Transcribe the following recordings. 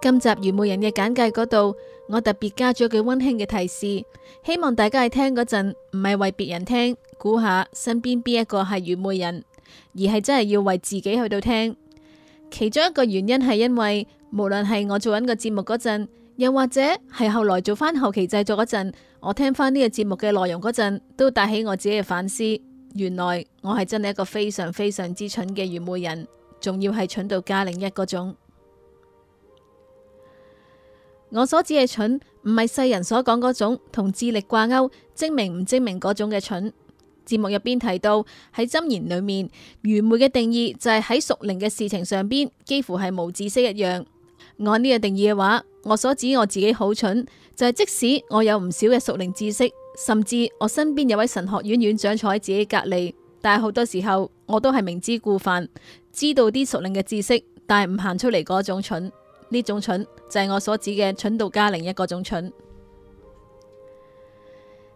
今集愚昧人嘅簡介嗰度，我特別加咗句溫馨嘅提示，希望大家喺聽嗰陣唔係為別人聽，估下身邊邊一個係愚昧人，而係真係要為自己去到聽。其中一個原因係因為無論係我做緊個節目嗰陣，又或者係後來做翻後期製作嗰陣，我聽翻呢個節目嘅內容嗰陣，都帶起我自己嘅反思。原來我係真係一個非常非常之蠢嘅愚昧人，仲要係蠢到加另一個種。我所指嘅蠢，唔係世人所講嗰種同智力掛鈎、精明唔精明嗰種嘅蠢。節目入邊提到喺箴言裏面，愚昧嘅定義就係喺屬靈嘅事情上邊幾乎係無知識一樣。按呢個定義嘅話，我所指我自己好蠢，就係、是、即使我有唔少嘅屬靈知識，甚至我身邊有位神學院院長坐喺自己隔籬，但係好多時候我都係明知故犯，知道啲屬靈嘅知識，但係唔行出嚟嗰種蠢。呢種蠢就係我所指嘅蠢到家另一個種蠢。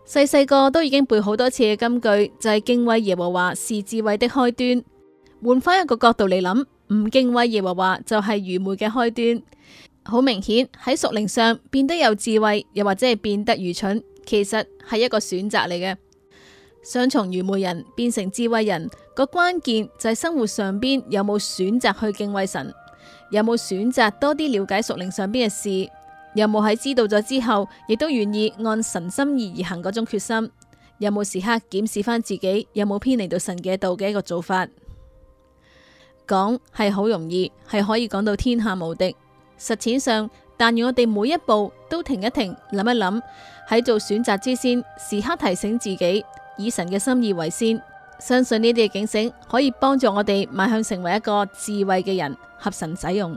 細細個都已經背好多次嘅金句，就係敬畏耶和華是智慧的開端。換翻一個角度嚟諗，唔敬畏耶和華就係愚昧嘅開端。好明顯喺屬靈上變得有智慧，又或者係變得愚蠢，其實係一個選擇嚟嘅。想從愚昧人變成智慧人，個關鍵就係生活上邊有冇選擇去敬畏神。有冇選擇多啲了解屬靈上邊嘅事？有冇喺知道咗之後，亦都願意按神心意而行嗰種決心？有冇時刻檢視翻自己有冇偏離到神嘅道嘅一個做法？講係好容易，係可以講到天下無敵。實踐上，但願我哋每一步都停一停，諗一諗，喺做選擇之先，時刻提醒自己以神嘅心意為先。相信呢啲嘅警醒，可以幫助我哋邁向成為一個智慧嘅人，合神使用。